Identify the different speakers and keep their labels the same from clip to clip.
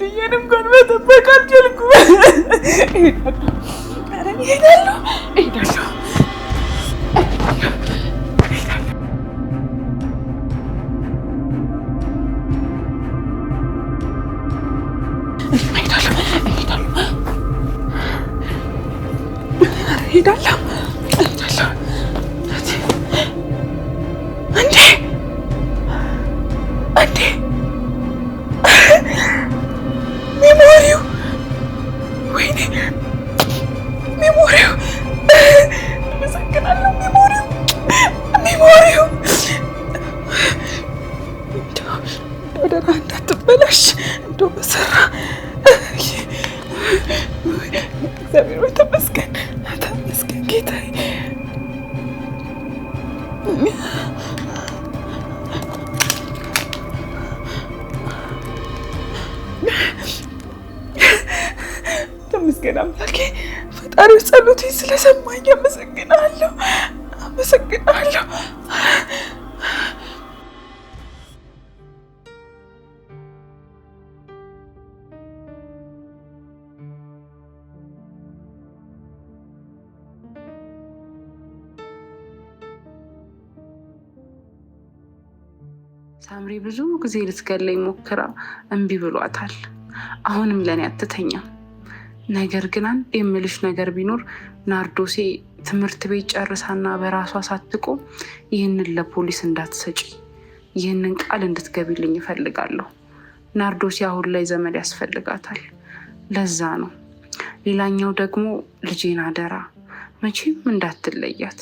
Speaker 1: ድዬንም ጎን መጠበቅ አልቻልኩም። ተመስገን አምላኬ፣ ፈጣሪው ጸሎቴን ስለሰማኝ አመሰግናለሁ፣ አመሰግናለሁ።
Speaker 2: ሳምሪ ብዙ ጊዜ ልትገለኝ ሞክራ እምቢ ብሏታል። አሁንም ለእኔ አትተኛም። ነገር ግን አንድ የምልሽ ነገር ቢኖር ናርዶሴ ትምህርት ቤት ጨርሳና በራሷ ሳትቆም ይህንን ለፖሊስ እንዳትሰጪ፣ ይህንን ቃል እንድትገቢልኝ እፈልጋለሁ። ናርዶሴ አሁን ላይ ዘመድ ያስፈልጋታል። ለዛ ነው። ሌላኛው ደግሞ ልጄን አደራ መቼም እንዳትለያት።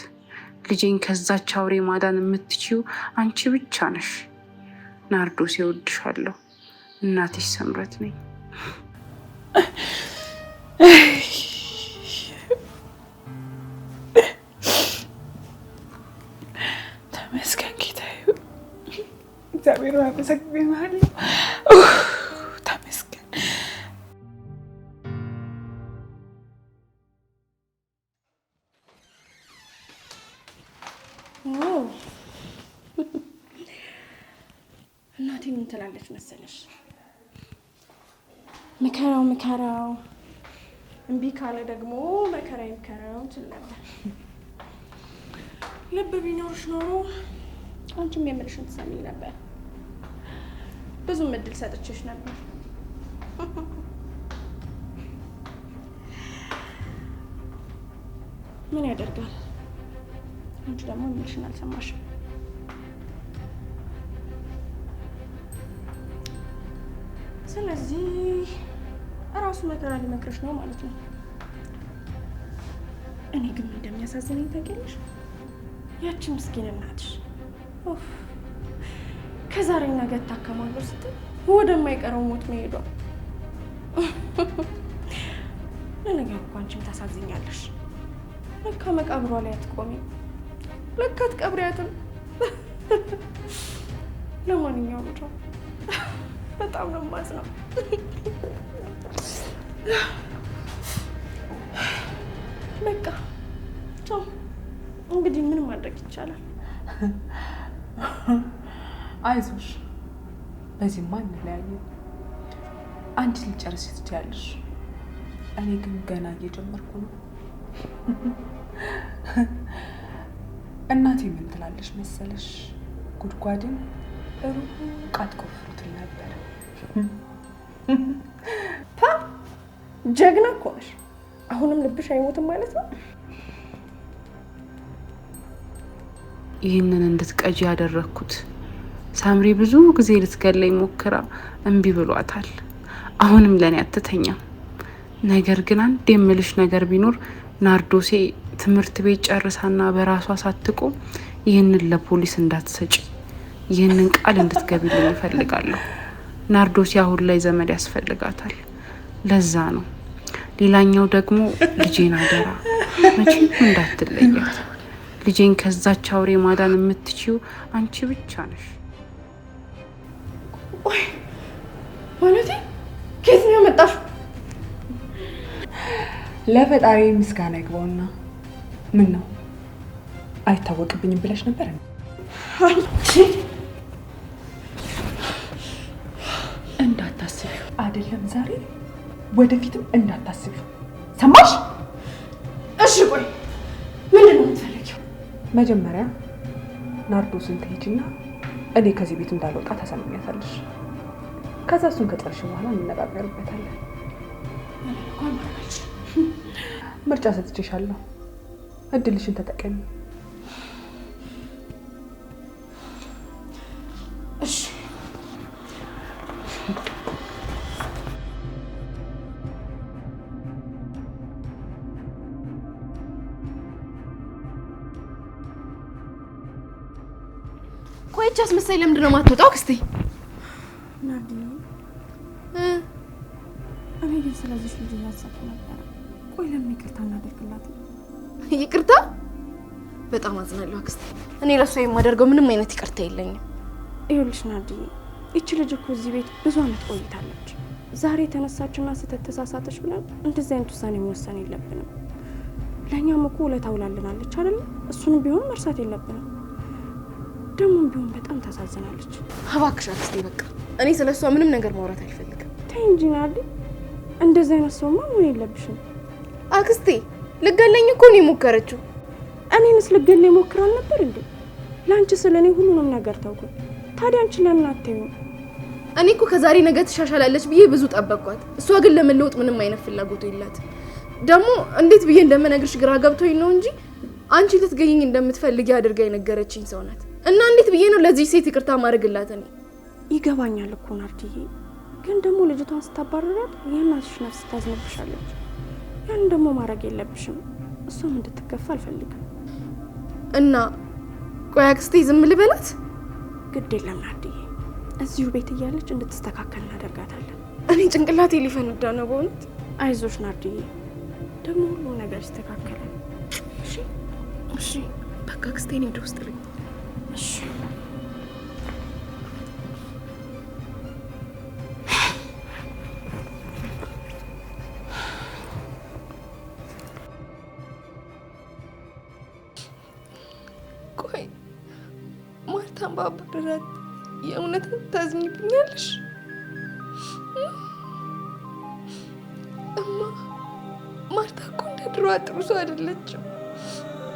Speaker 2: ልጄን ከዛች አውሬ ማዳን የምትችው አንቺ ብቻ ነሽ። ናርዶስ እወድሻለሁ፣ እናትሽ ሰምረት ነኝ።
Speaker 1: ተመስገን ጌታዬ፣ እግዚአብሔር አመሰግናለሁ። ምከራው ምከራው እምቢ ካለ ደግሞ መከራ ይምከራው ትል ነበር። ልብ ቢኖርሽ ኖሮ አንቺም የምልሽን ትሰሚኝ ነበር። ብዙም እድል ሰጥቼሽ ነበር። ምን ያደርጋል፣ አንቺ ደግሞ የምልሽን አልሰማሽም። ስለዚህ ለራሱ መከራ ሊመክረሽ ነው ማለት ነው። እኔ ግን እንደሚያሳዝነኝ ታውቂያለሽ? ያቺ ምስኪን እናትሽ ከዛሬ ነገ ታከማለሁ ስትል ወደማይቀረው ሞት መሄዷ። ለነገሩ እኮ አንቺም ታሳዝኛለሽ። ለካ መቃብሯ ላይ አትቆሚም፣ ለካ አትቀብሪያትም። ለማንኛውም ብቻ በጣም ነው የማዝነው። በቃ ቻው። እንግዲህ ምን ማድረግ ይቻላል?
Speaker 2: አይዞሽ፣ በዚህማ እንለያየው። አንቺ ልጨርስ ትችያለሽ፣ እኔ ግን ገና እየጀመርኩ ነው። እናቴ ምን ትላለች መሰለሽ? ጉድጓድን ሩቅ አትቆፍሩትም ነበር
Speaker 1: ጀግና እኮ ነሽ። አሁንም ልብሽ አይሞትም ማለት ነው።
Speaker 2: ይህንን እንድትቀጂ ያደረግኩት ሳምሪ ብዙ ጊዜ ልትገለኝ ሞክራ እምቢ ብሏታል። አሁንም ለእኔ አትተኛም። ነገር ግን አንድ የምልሽ ነገር ቢኖር ናርዶሴ ትምህርት ቤት ጨርሳና በራሷ ሳትቆም ይህንን ለፖሊስ እንዳትሰጪ፣ ይህንን ቃል እንድትገቢልኝ እፈልጋለሁ። ናርዶሴ አሁን ላይ ዘመድ ያስፈልጋታል። ለዛ ነው ሌላኛው ደግሞ ልጄን አደራ መቼም እንዳትለያት። ልጄን ከዛች አውሬ ማዳን የምትችው አንቺ ብቻ ነሽ።
Speaker 1: ቆይ ማለቴ ኬት ነው ያመጣሽ?
Speaker 2: ለፈጣሪ ምስጋና ይግባውና ምን ነው አይታወቅብኝም ብለሽ ነበር። እንዳታስቢ
Speaker 1: አይደለም ዛሬ ወደፊትም እንዳታስቢ ሰማሽ? እሺ ቆይ ምንድን ነው የምትፈልጊው?
Speaker 2: መጀመሪያ ናርዶስን ትሄጂና እኔ ከዚህ ቤት እንዳልወጣ ታሳምኛታለሽ። ከዛ እሱን ከጨረሽ በኋላ እንነጋገርበታለን። ምርጫ ሰጥቼሻለሁ። እድልሽን ተጠቀሚ።
Speaker 1: ሳይ ለምንድን ነው የማትወጣው? ክስቴ
Speaker 2: እኔ ግን ስለዚህ ልጅ እያሰብኩ ነበረ። ቆይ ለምን ይቅርታ እናደርግላት?
Speaker 1: ይቅርታ በጣም አዝናለሁ አክስቴ። እኔ ለእሷ የማደርገው ምንም አይነት ይቅርታ የለኝም።
Speaker 2: ይኸውልሽ ናዲ፣ ይቺ ልጅ እኮ እዚህ ቤት ብዙ አመት ቆይታለች። ዛሬ የተነሳችና ስህተት ተሳሳተች ብለን እንደዚህ አይነት ውሳኔ መወሰን የለብንም። ለእኛም እኮ ውለታ ውላልናለች አይደለም? እሱንም ቢሆን መርሳት የለብንም። ደግሞ ቢሆን በጣም ታሳዝናለች።
Speaker 1: እባክሽ አክስቴ በቃ እኔ ስለ እሷ ምንም ነገር ማውራት አልፈልግም።
Speaker 2: ተይ እንጂ ናርዲ፣ እንደዚህ አይነት ሰውማ ምን የለብሽም።
Speaker 1: አክስቴ ልገለኝ እኮ ነው የሞከረችው።
Speaker 2: እኔንስ ልገለኝ ሞክራ አልነበር እንዴ? ለአንቺ ስለ እኔ ሁሉንም ነገር ታውቁ። ታዲያ አንቺ ለምን አትዩ?
Speaker 1: እኔ እኮ ከዛሬ ነገ ትሻሻላለች ብዬ ብዙ ጠበቅኳት። እሷ ግን ለመለወጥ ምንም አይነት ፍላጎቱ የላት። ደግሞ እንዴት ብዬ እንደምነግርሽ ግራ ገብቶኝ ነው እንጂ አንቺ ልትገኝኝ እንደምትፈልጊ አድርጋ የነገረችኝ ሰው ናት። እና እንዴት ብዬ ነው ለዚህ ሴት ይቅርታ ማድረግላት? እኔ
Speaker 2: ይገባኛል እኮ ናርዲዬ፣ ግን ደግሞ ልጅቷን ስታባረራት የእናትሽ ነፍስ ታዝነብሻለች። ያን ደግሞ ማድረግ የለብሽም። እሷም እንድትከፋ አልፈልግም።
Speaker 1: እና ቆይ አክስቴ ዝም ልበላት?
Speaker 2: ግድ የለም ናርዲዬ፣ እዚሁ ቤት እያለች እንድትስተካከል እናደርጋታለን። እኔ ጭንቅላቴ ሊፈነዳ ነው በእውነት። አይዞሽ ናርዲዬ፣ ደግሞ ሁሉ ነገር ይስተካከላል።
Speaker 1: እሺ፣ እሺ፣ በቃ አክስቴን ወደ ውስጥ ልኝ ቆይ ማርታን ባብድራት የእውነትን ታዝኝብኛለሽ? እማ ማርታ እኮ እንደ ድሮዋ ጥሩ ሰው አይደለችም።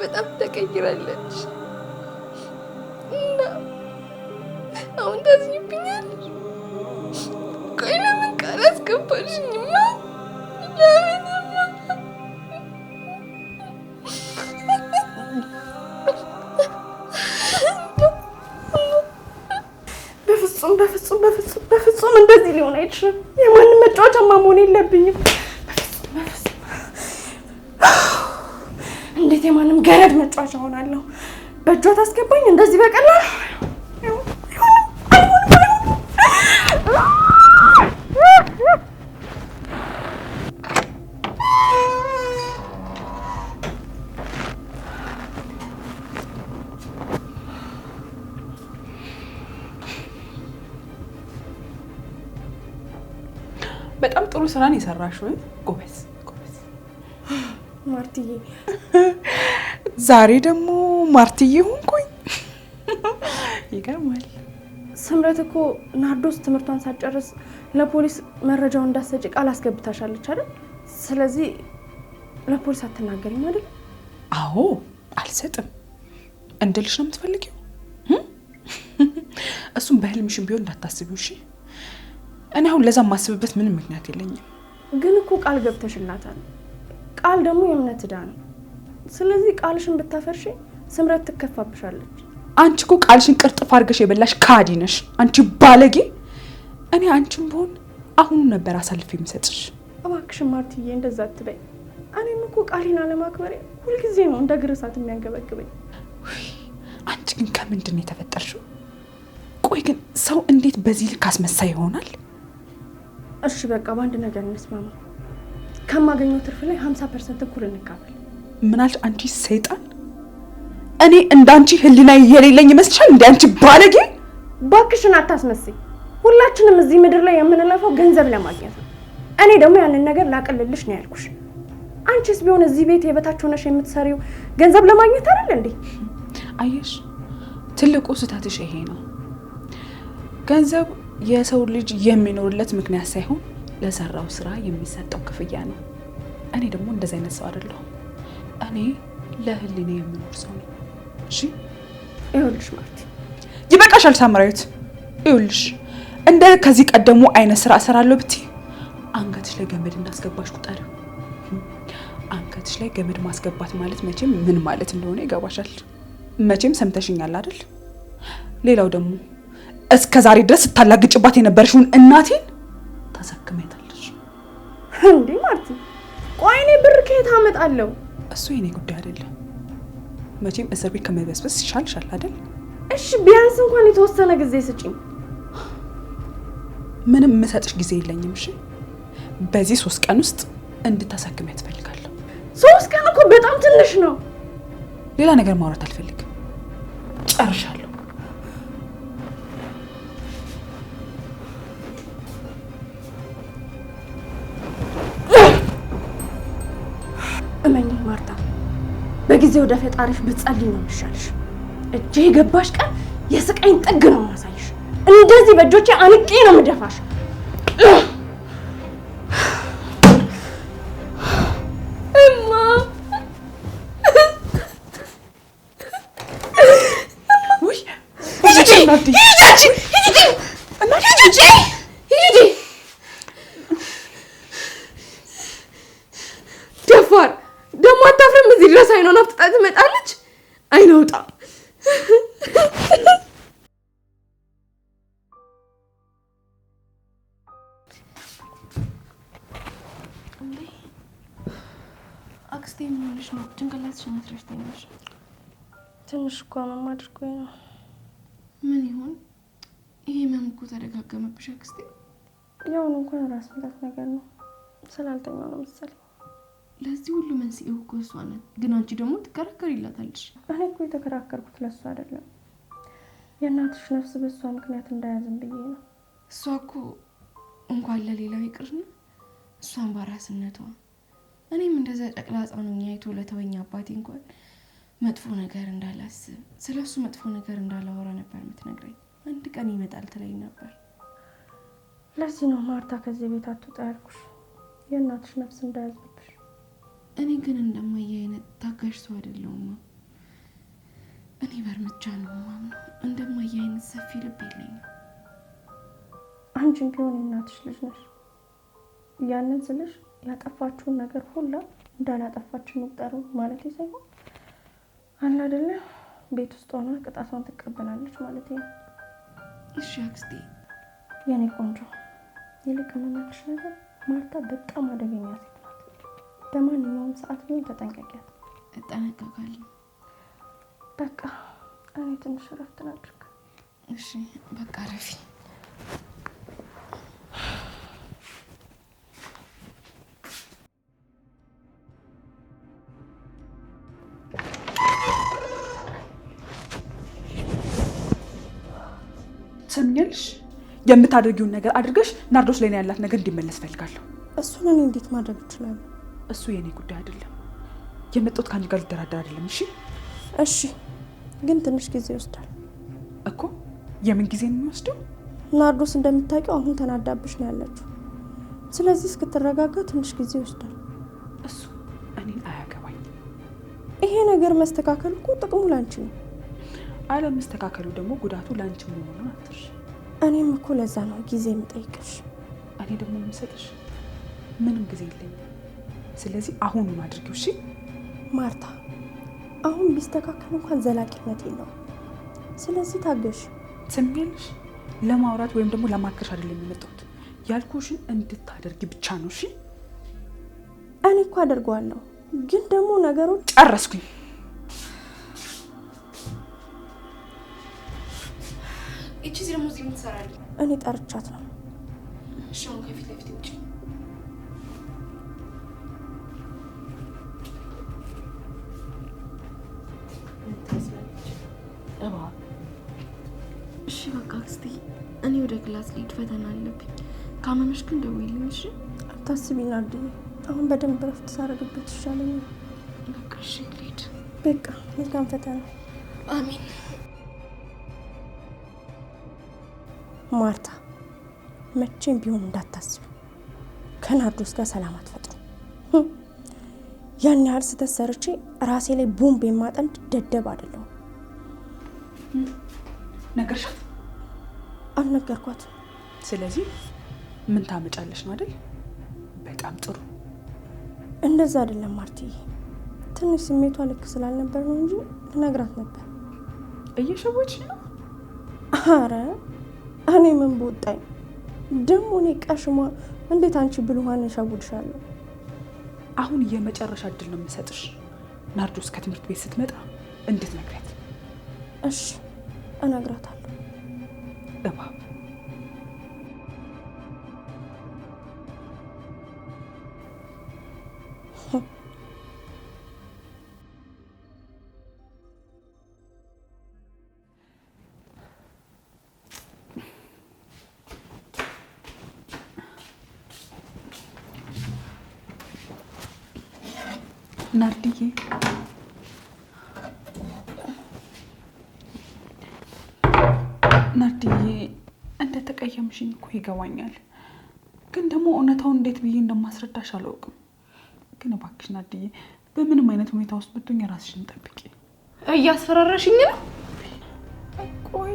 Speaker 1: በጣም ተቀይራለች። በፍጹም በፍጹም በፍጹም እንደዚህ ሊሆን አይችልም። የማንም መጫወቻማ መሆን የለብኝም። እንዴት የማንም ገረድ መጫወቻ ሆናለሁ? በእጇ ታስገባኝ እንደዚህ በቀላል ስራን የሰራሽ ወይ? ጎበዝ ጎበዝ ማርትዬ። ዛሬ ደግሞ ማርትዬ ሆንኩኝ። ይገርማል።
Speaker 2: ስምረት እኮ ናርዶስ ትምህርቷን ሳጨርስ ለፖሊስ መረጃውን እንዳሰጭ ቃል አስገብታሻለች አይደል? ስለዚህ ለፖሊስ አትናገሪም አይደል?
Speaker 1: አዎ፣ አልሰጥም እንድልሽ ነው የምትፈልጊው። እሱም በህልምሽም ቢሆን እንዳታስቢው እሺ። እኔ አሁን ለዛ ማስብበት ምንም ምክንያት የለኝም።
Speaker 2: ግን እኮ ቃል ገብተሽላታል። ቃል ደግሞ የእምነት ዕዳ ነው። ስለዚህ ቃልሽን ብታፈርሽ ስምረት ትከፋብሻለች።
Speaker 1: አንቺ እኮ ቃልሽን ቅርጥፍ አድርገሽ የበላሽ ካዲ ነሽ አንቺ ባለጌ። እኔ አንቺም ብሆን አሁኑ ነበር አሳልፍ የሚሰጥሽ።
Speaker 2: እባክሽ ማርትዬ እንደዛ አትበይ። እኔም እኮ ቃሌን አለማክበሬ ሁልጊዜ ነው እንደ እሳት የሚያንገበግበኝ።
Speaker 1: አንቺ ግን ከምንድን ነው የተፈጠርሽው? ቆይ ግን ሰው እንዴት በዚህ ልክ አስመሳይ ይሆናል?
Speaker 2: እሺ በቃ በአንድ ነገር እንስማማ። ከማገኘው ትርፍ ላይ 50 ፐርሰንት እኩል እንካፈል።
Speaker 1: ምናልሽ አንቺ ሰይጣን፣ እኔ እንዳንቺ ህሊና የሌለኝ ይመስልሻል? እንደ አንቺ ባለጌ
Speaker 2: ባክሽን አታስመስይ። ሁላችንም እዚህ ምድር ላይ የምንለፈው ገንዘብ ለማግኘት ነው። እኔ ደግሞ ያንን ነገር ላቀልልሽ ነው ያልኩሽ። አንቺስ ቢሆን እዚህ ቤት የበታች ሆነሽ የምትሰሪው ገንዘብ ለማግኘት አይደል እንዴ?
Speaker 1: አየሽ፣ ትልቁ ስህተትሽ ይሄ ነው። ገንዘብ የሰው ልጅ የሚኖርለት ምክንያት ሳይሆን ለሰራው ስራ የሚሰጠው ክፍያ ነው። እኔ ደግሞ እንደዚህ አይነት ሰው አይደለሁም። እኔ ለህሊኔ የምኖር ሰው ነው። እሺ ይኸውልሽ፣ ማለት ይበቃሻል ሳምራዊት። ይኸውልሽ እንደ ከዚህ ቀደሙ አይነት ስራ እሰራለሁ ብትይ አንገትሽ ላይ ገመድ እንዳስገባሽ ቁጠሪው። አንገትሽ ላይ ገመድ ማስገባት ማለት መቼም ምን ማለት እንደሆነ ይገባሻል። መቼም ሰምተሽኛል አይደል? ሌላው ደግሞ እስከ ዛሬ ድረስ ስታላግጭባት የነበረሽውን እናቴን ታሳክመታለች
Speaker 2: እንዴ? ማርቲ፣ ቆይ እኔ ብር ከየት አመጣለሁ?
Speaker 1: እሱ የኔ ጉዳይ አይደለም። መቼም እስር ቤት ከመበስበስ ይሻልሻል አይደል?
Speaker 2: እሺ ቢያንስ እንኳን የተወሰነ ጊዜ ስጪ
Speaker 1: ምንም የምሰጥሽ ጊዜ የለኝም። እሺ በዚህ ሶስት ቀን ውስጥ እንድታሳክሚ ያትፈልጋለሁ።
Speaker 2: ሶስት ቀን እኮ በጣም ትንሽ ነው።
Speaker 1: ሌላ ነገር ማውራት አልፈልግም። ጨርሻለሁ።
Speaker 2: ጊዜ ወደ ፈጣሪሽ ብትጸልይ ነው የሚሻልሽ። እጄ የገባሽ ቀን የስቃይን ጥግ ነው ማሳይሽ። እንደዚህ በእጆቼ አንቄ ነው የምደፋሽ። እራስሽን አስረሽ ትንሽ እኮ አመም አድርጎኝ ነው።
Speaker 1: ምን ይሆን ይሄ? ህመም እኮ ተደጋገመብሽ አክስቴ።
Speaker 2: ያሁኑ እንኳን ራስ ምታት ነገር ነው ስላልተኛው ነው መሰለኝ።
Speaker 1: ለዚህ ሁሉ መንስኤው እኮ እሷ ናት። ግን አንቺ ደግሞ ትከራከሪላታለሽ።
Speaker 2: እኔ እኮ የተከራከርኩት ለእሷ አይደለም፣ የእናትሽ ነፍስ በእሷ ምክንያት እንዳያዝን ብዬ ነው።
Speaker 1: እሷ እኮ እንኳን ለሌላው ይቅርና እሷን በራስነቷ እኔም እንደዛ ጨቅላ ሕፃን አይቶ ለተወኝ አባቴ እንኳን መጥፎ ነገር እንዳላስብ ስለ እሱ መጥፎ ነገር እንዳላወራ ነበር የምትነግረኝ። አንድ ቀን ይመጣል ትለኝ ነበር።
Speaker 2: ለዚህ ነው ማርታ ከዚህ ቤት አትውጣ ያልኩሽ፣ የእናትሽ ነፍስ እንዳያዝብሽ።
Speaker 1: እኔ ግን እንደማየ አይነት ታጋሽ ሰው አይደለሁማ። እኔ በእርምጃ ነው ማምነው። እንደማየ አይነት ሰፊ ልብ የለኝም።
Speaker 2: አንቺን ቢሆን የእናትሽ ልጅ ነሽ። ያንን ስልሽ ያጠፋችሁን ነገር ሁላ እንዳላጠፋች እንቁጠሩ ማለት ሳይሆን አለ አይደለ ቤት ውስጥ ሆና ቅጣቷን ትቀበላለች ማለት ነው። እሺ አክስቴ፣ የኔ ቆንጆ፣ ይልቅ የምመክርሽ ነገር ማርታ በጣም አደገኛ ሴት ናት። በማንኛውም ሰዓት ቢሆን ተጠንቀቂያት።
Speaker 1: እጠነቀቃለሁ።
Speaker 2: በቃ እኔ ትንሽ እረፍት ላድርግ።
Speaker 1: እሺ፣ በቃ ረፊ ሰምኛልሽ። የምታደርጊውን ነገር አድርገሽ ናርዶስ ላይ ያላት ነገር እንዲመለስ ፈልጋለሁ።
Speaker 2: እሱን እኔ እንዴት ማድረግ እችላለሁ?
Speaker 1: እሱ የእኔ ጉዳይ አይደለም። የመጣሁት ከአንቺ ጋር ልደራደር አይደለም። እሺ
Speaker 2: እሺ፣ ግን ትንሽ ጊዜ ይወስዳል
Speaker 1: እኮ። የምን ጊዜ ነው የሚወስደው?
Speaker 2: ናርዶስ እንደምታውቂው አሁን ተናዳብሽ ነው ያለችው። ስለዚህ እስክትረጋጋ ትንሽ ጊዜ ይወስዳል።
Speaker 1: እሱ እኔን አያገባኝም።
Speaker 2: ይሄ ነገር መስተካከል እኮ ጥቅሙ ላንቺ ነው።
Speaker 1: አለመስተካከሉ ደግሞ ጉዳቱ ለአንቺ መሆኑን አትርሽ።
Speaker 2: እኔም እኮ ለዛ ነው ጊዜ የምጠይቅሽ።
Speaker 1: እኔ ደግሞ የምሰጥሽ ምንም ጊዜ የለኝም። ስለዚህ አሁን አድርጊው። እሺ
Speaker 2: ማርታ፣ አሁን ቢስተካከል እንኳን ዘላቂነት የለውም። ስለዚህ ታገሽ።
Speaker 1: ትሰሚያለሽ? ለማውራት ወይም ደግሞ ለማከርሽ አይደለም የመጣሁት ያልኩሽን እንድታደርጊ ብቻ ነው። እሺ
Speaker 2: እኔ እኮ አደርገዋለሁ፣ ግን ደግሞ ነገሮች ጨረስኩኝ። እኔ ጠርቻት ነው። እሺ በቃ አክስቴ፣ እኔ ወደ ክላስ ልሂድ፣ ፈተና አለብኝ። ካመመሽ ግን ደውይልኝ እሺ። አታስቢ ናርዲዬ፣ አሁን በደንብ ረፍት ይሻለኛል።
Speaker 1: በቃ እሺ፣ ልሂድ።
Speaker 2: በቃ መልካም ፈተና። አሚን ማርታ መቼም ቢሆን እንዳታስብ ከናርዶስ ጋር ሰላም አትፈጥሩ። ያን ያህል ስህተት ሰርቼ ራሴ ላይ ቦምብ የማጠምድ ደደብ አይደለሁም። ነገርሻት? አልነገርኳት።
Speaker 1: ስለዚህ ምን ታመጫለሽ ነው አይደል? በጣም ጥሩ።
Speaker 2: እንደዛ አይደለም ማርትዬ፣ ትንሽ ስሜቷ ልክ ስላልነበር ነው እንጂ ልነግራት ነበር።
Speaker 1: እየሸወች ነው።
Speaker 2: አረ እኔ ምን በወጣኝ ደግሞ እኔ ቀሽሟ እንዴት አንቺ ብልኋን እሸውድሻለሁ።
Speaker 1: አሁን የመጨረሻ እድል ነው የምሰጥሽ። ናርዶስ ከትምህርት ቤት ስትመጣ እንድትነግሪያት።
Speaker 2: እሺ እነግራታለሁ። ናርድዬ ናርድዬ እንደተቀየምሽኝ እኮ ይገባኛል፣ ግን ደግሞ እውነታውን እንዴት ብዬ እንደማስረዳሽ አላውቅም። ግን እባክሽ ናርድዬ በምንም አይነት ሁኔታ ውስጥ ብትሆኝ ራስሽን ጠብቂ።
Speaker 1: እያስፈራራሽኝ ነው።
Speaker 2: ቆይ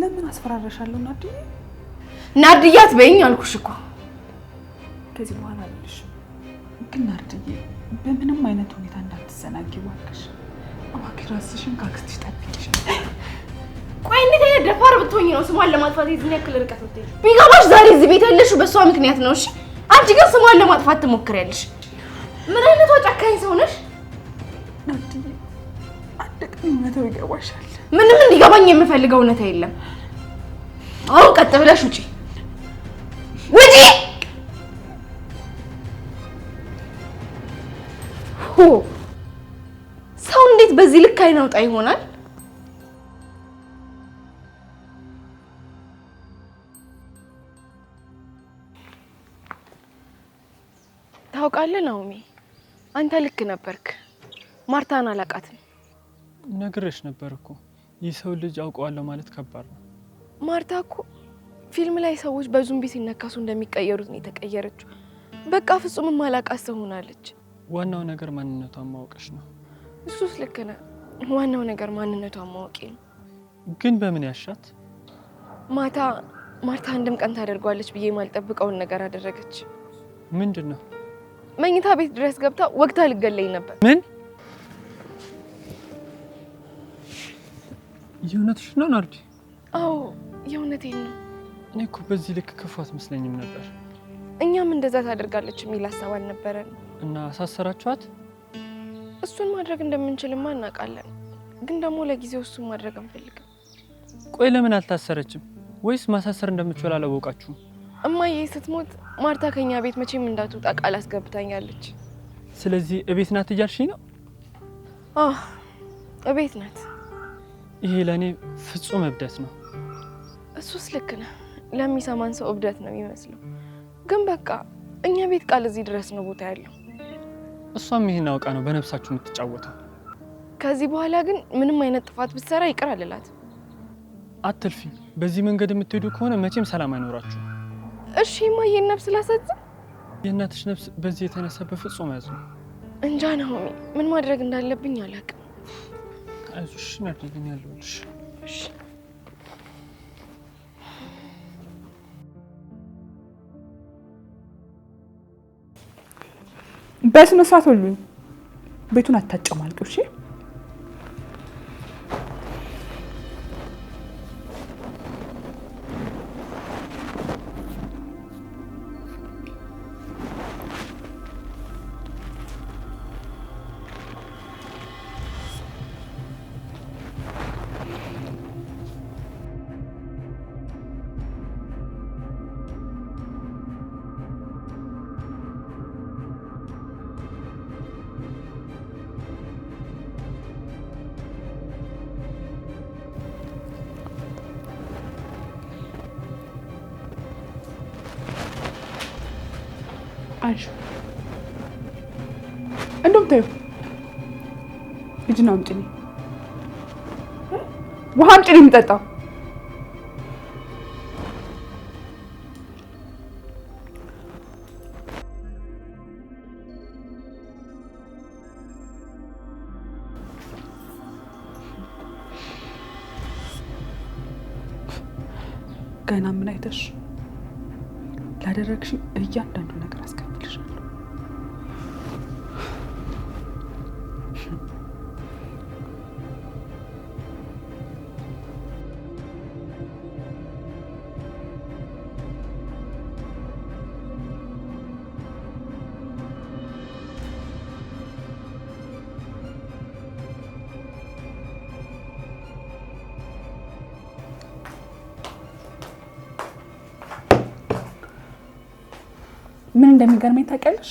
Speaker 2: ለምን አስፈራረሻለሁ? ናድዬ
Speaker 1: ናድያት በይኝ አልኩሽ እኮ
Speaker 2: ከዚህ በኋላ ልሽ ግን ናርድዬ በምንም አይነት ሁኔታ እንዳትዘናጊ እባክሽ። እባክሽ ራስሽን ካክስትሽ ጠብቂሽ።
Speaker 1: ቆይ እንዴት አይነት ደፋር ብትሆኝ ነው ስሟን ለማጥፋት የዚህን ያክል ርቀት ብትሄጂ? ቢገባሽ ዛሬ እዚህ ቤት ያለሽው በእሷ ምክንያት ነው። እሺ አንቺ ግን ስሟን ለማጥፋት ትሞክሪያለሽ። ምን አይነቷ ጨካኝ ሰው ነሽ?
Speaker 2: እውነታው ይገባሻል።
Speaker 1: ምንም እንዲገባኝ የምፈልገው እውነታ የለም። አሁን ቀጥ ብለሽ ውጪ ውጪ ሆ ሰው እንዴት በዚህ ልክ አይን አውጣ ይሆናል? ታውቃለህ ናኦሚ፣ አንተ ልክ ነበርክ። ማርታን አላውቃትም።
Speaker 2: ነግሬሽ ነበር እኮ ይህ ሰው ልጅ አውቀዋለሁ ማለት ከባድ ነው።
Speaker 1: ማርታ እኮ ፊልም ላይ ሰዎች በዙምቢ ሲነካሱ እንደሚቀየሩት ነው የተቀየረችው። በቃ ፍጹም ማላቃት ሰው ሆናለች።
Speaker 2: ዋናው ነገር ማንነቷን ማወቅሽ ነው።
Speaker 1: እሱስ ልክ ነህ። ዋናው ነገር ማንነቷን ማወቄ ነው።
Speaker 2: ግን በምን ያሻት?
Speaker 1: ማታ ማርታ አንድም ቀን ታደርጓለች ብዬ የማልጠብቀውን ነገር አደረገች። ምንድን ነው? መኝታ ቤት ድረስ ገብታ ወግታ ልገለኝ ነበር።
Speaker 2: ምን? የእውነትሽ ነው ናርዲ?
Speaker 1: አዎ የእውነቴን ነው።
Speaker 2: እኔ እኮ በዚህ ልክ ክፉ አትመስለኝም ነበር።
Speaker 1: እኛም እንደዛ ታደርጋለች የሚል ሀሳብ አልነበረን።
Speaker 2: እና አሳሰራችኋት?
Speaker 1: እሱን ማድረግ እንደምንችልማ እናውቃለን፣ ግን ደግሞ ለጊዜው እሱን ማድረግ አንፈልግም።
Speaker 2: ቆይ ለምን አልታሰረችም? ወይስ ማሳሰር እንደምችል አላወቃችሁም?
Speaker 1: እማዬ ስትሞት ማርታ ከኛ ቤት መቼም እንዳትወጣ ቃል አስገብታኛለች።
Speaker 2: ስለዚህ እቤት ናት እያልሽኝ ነው?
Speaker 1: አዎ እቤት ናት።
Speaker 2: ይሄ ለእኔ ፍጹም እብደት ነው።
Speaker 1: እሱስ ልክ ነህ። ለሚሰማን ሰው እብደት ነው የሚመስለው፣ ግን በቃ እኛ ቤት ቃል እዚህ ድረስ ነው ቦታ ያለው።
Speaker 2: እሷም ይህን አውቃ ነው በነፍሳችሁ የምትጫወተው።
Speaker 1: ከዚህ በኋላ ግን ምንም አይነት ጥፋት ብትሰራ ይቅር አልላት።
Speaker 2: አትልፊ። በዚህ መንገድ የምትሄዱ ከሆነ መቼም ሰላም አይኖራችሁ።
Speaker 1: እሺ ማየን ነፍስ ላሳዝን።
Speaker 2: የእናትሽ ነፍስ በዚህ የተነሳ በፍጹም ያዝ ነው።
Speaker 1: እንጃ ናሆሚ፣ ምን ማድረግ እንዳለብኝ አላውቅም።
Speaker 2: አይዞሽ፣ እናደርግን እሺ
Speaker 1: በስነ ስርዓት ሁሉ ቤቱን አታጨማልቂው። እሺ ያዥው። እንደውም ተይው። ልጅን አምጪኝ፣ ውሃ አምጪኝ የሚጠጣው ገና ምን አይተሽ ላደረግሽ እያንዳንዱ እንደሚገርመኝ ታውቂያለሽ?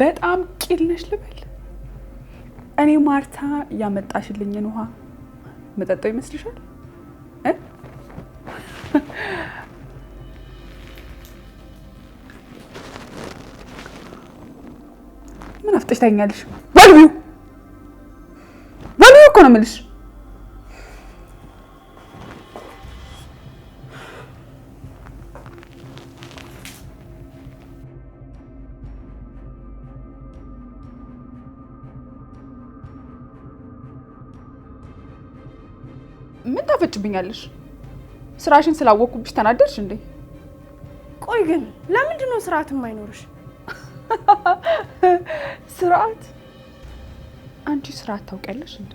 Speaker 1: በጣም ቂል ነሽ ልበል። እኔ ማርታ ያመጣሽልኝን ውሃ መጠጣው ይመስልሻል? ምን አፍጠሽ ታኛለሽ? በልዩ በልዩ እኮ ነው የምልሽ ምን ታፈጭብኛለሽ? ስራሽን ስላወቅኩብሽ ተናደድሽ እንዴ? ቆይ ግን ለምንድን ነው ስርዓት የማይኖርሽ? ስርዓት? አንቺ ስርዓት ታውቂያለሽ እንዴ?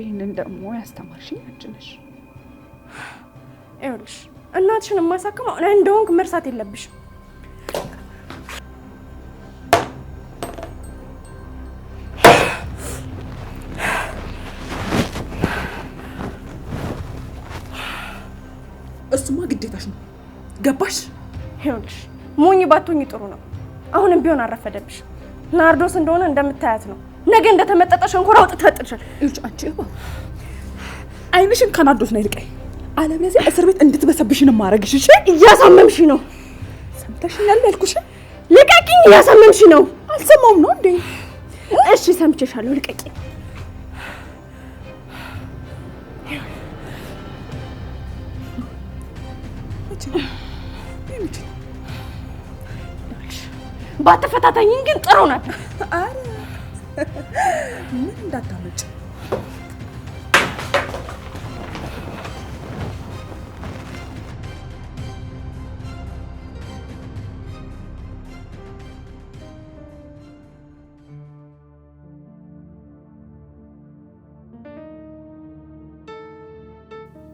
Speaker 1: ይህንን ደግሞ ያስተማርሽኝ አንቺ ነሽ። ይኸውልሽ እናትሽን የማሳክመው እኔ መርሳት የለብሽም። ባትሆኝ ጥሩ ነው። አሁንም ቢሆን አረፈደብሽ። ናርዶስ እንደሆነ እንደምታያት ነው። ነገ እንደተመጠጠ ሸንኮራ አውጥተሽ ትለጥልሻል። እዩጭ አንቺ አይንሽን ከናርዶስ ነው ይልቀይ። አለበለዚያ እስር ቤት እንድትበሰብሽን ማረግሽ። እሺ እያሳመምሽ ነው። ሰምተሽኛል ያልኩሽ። ልቀቂኝ። እያሳመምሽ ነው። አልሰማውም ነው እንዴ? እሺ ሰምቼሻለሁ። ልቀቂ ልቀቂኝ። ባትፈታተኝም ግን ጥሩ ነበር። ኧረ ምን እንዳታመጭ።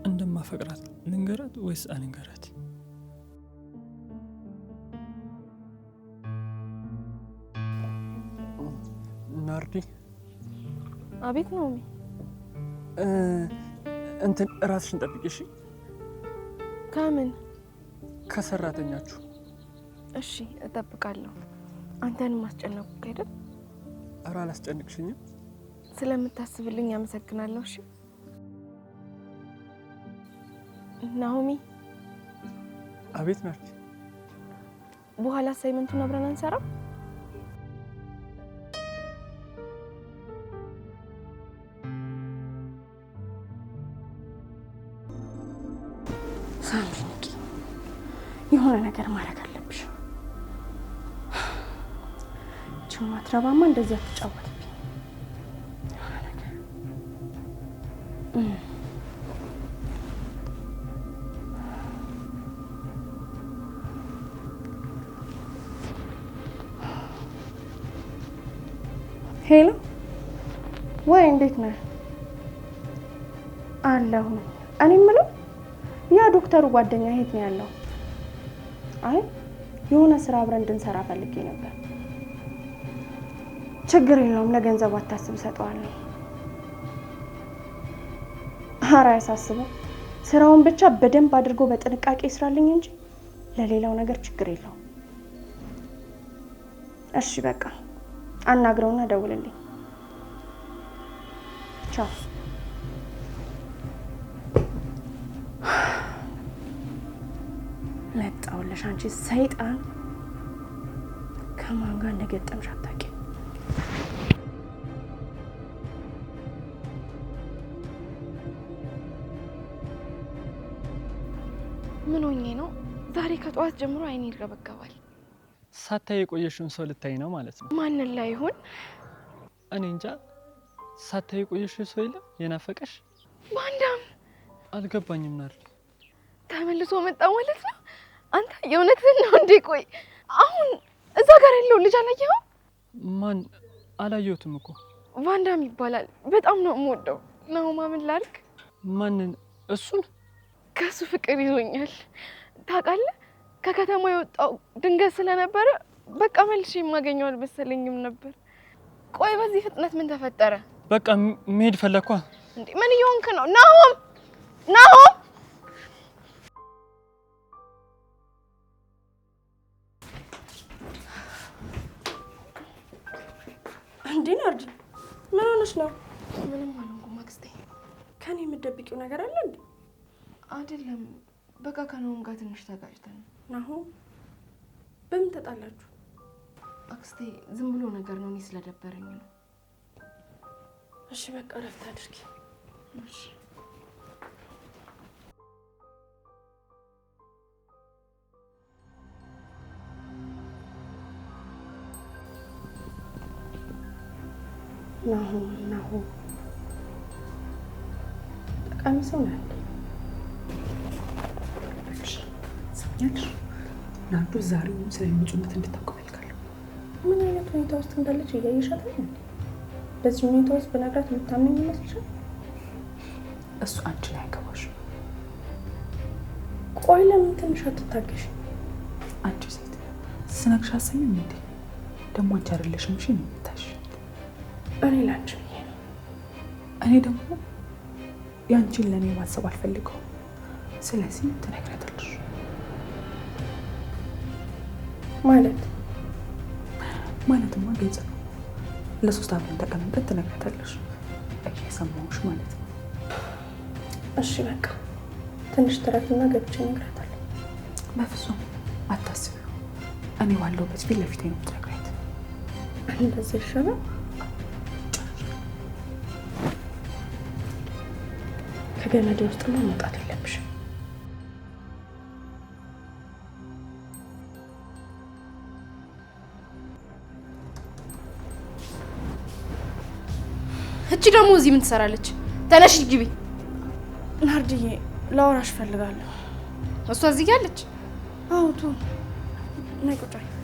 Speaker 2: እንደማፈቅራት ልንገራት ወይስ አልንገራት? አለብኝ። አቤት ነው እንትን ራስሽን ጠብቂ ከምን ከሰራተኛችሁ?
Speaker 1: እሺ እጠብቃለሁ። አንተንም አስጨነቁ አይደል?
Speaker 2: ኧረ አላስጨንቅሽኝም።
Speaker 1: ስለምታስብልኝ አመሰግናለሁ። እሺ ናሆሚ። አቤት ናት። በኋላ ሳይመንቱን አብረን አንሰራም? ማትረባማ እንደዚህ አትጫወትብኝ። ሄሎ፣ ወይ እንዴት ነህ? አለሁ። እኔ የምለው ያ ዶክተሩ ጓደኛ የት ነው ያለው? አይ የሆነ ስራ አብረን እንድንሰራ ፈልጌ ነበር። ችግር የለውም ለገንዘቡ አታስብ፣ ሰጠዋለሁ። ኧረ አያሳስበው። ስራውን ብቻ በደንብ አድርጎ በጥንቃቄ ይስራልኝ እንጂ ለሌላው ነገር ችግር የለውም። እሺ በቃ አናግረውና ደውልልኝ። ቻው። መጣሁልሽ። አንቺ ሰይጣን ከማን ጋር እንደገጠምሽ አታውቂም። ከጠዋት ጀምሮ አይኔ ይረበገባል።
Speaker 2: ሳታይ የቆየሽውን ሰው ልታይ ነው ማለት
Speaker 1: ነው። ማንን ላይ ይሆን?
Speaker 2: እኔ እንጃ። ሳታይ የቆየሽው ሰው የለም የናፈቀሽ? ባንዳም አልገባኝም። ናር
Speaker 1: ተመልሶ መጣ ማለት ነው? አንተ የእውነትህን ነው እንዴ? ቆይ አሁን እዛ ጋር ያለው ልጅ አላየኸው?
Speaker 2: ማን? አላየሁትም እኮ
Speaker 1: ቫንዳም ይባላል። በጣም ነው የምወደው ነው። ማምን ላድርግ?
Speaker 2: ማንን? እሱን
Speaker 1: ከሱ ፍቅር ይዞኛል ታውቃለህ። ከከተማ የወጣው ድንገት ስለነበረ በቃ መልሼ የማገኘው አልመሰለኝም ነበር። ቆይ በዚህ ፍጥነት ምን ተፈጠረ?
Speaker 2: በቃ መሄድ ፈለግኳ።
Speaker 1: እንዴ ምን እየሆንክ ነው? ናሆም ናሆም እንዴ ናርዲ ምን ሆነሽ ነው? ምንም አልሆንኩም አክስቴ። ከኔ የምትደብቂው ነገር አለ እንዴ? አይደለም በቃ ከናሆም ጋር ትንሽ ተጋጭተን ናሆም በምን ተጣላችሁ? አክስቴ ዝም ብሎ ነገር ነው፣ እኔ ስለደበረኝ ነው። እሺ በቃ እረፍት አድርጊ። እሺ ናሆም ናሆም ጠቃሚ ሰው ነህ። ብለውኛል። ናርዶስ ዛሬው ስለሚመጡበት እንድታውቅ እፈልጋለሁ። ምን አይነት ሁኔታ ውስጥ እንዳለች እያየሻት ነው። በዚህ ሁኔታ ውስጥ ብነግራት የምታምኝ ይመስልሻል? እሱ አንቺ ላይ ያገባሽ። ቆይ ለምን ትንሽ አትታገሽ? አንቺ ሴት ስነግሻ ሰሚም እንዴ? ደግሞ አንቺ አይደለሽም እኔ ላንቺ እኔ ደግሞ የአንቺን ለእኔ ማሰብ አልፈልገውም። ስለዚህ ትነግረት ማለት ማለትማ ግልጽ ነው። ለሶስት አብረን ተቀምጠን ትነግራታለሽ እየሰማሁሽ ማለት ነው። እሺ በቃ ትንሽ ትረፍና ገብቼ እነግራታለሁ። በፍጹም አታስቢ፣ እኔ ባለሁበት ፊት ለፊት ነው የምትነግራት። እንደዚህ ይሻላል። ከገመድ ውስጥ መውጣት የለብሽም። ደግሞ እዚህ ምን ትሰራለች? ተነሽ ግቢ። ናርድዬ ላወራሽ እፈልጋለሁ። እሷ እዚህ ያለች? አዎ ቶ ነይ ቁጭ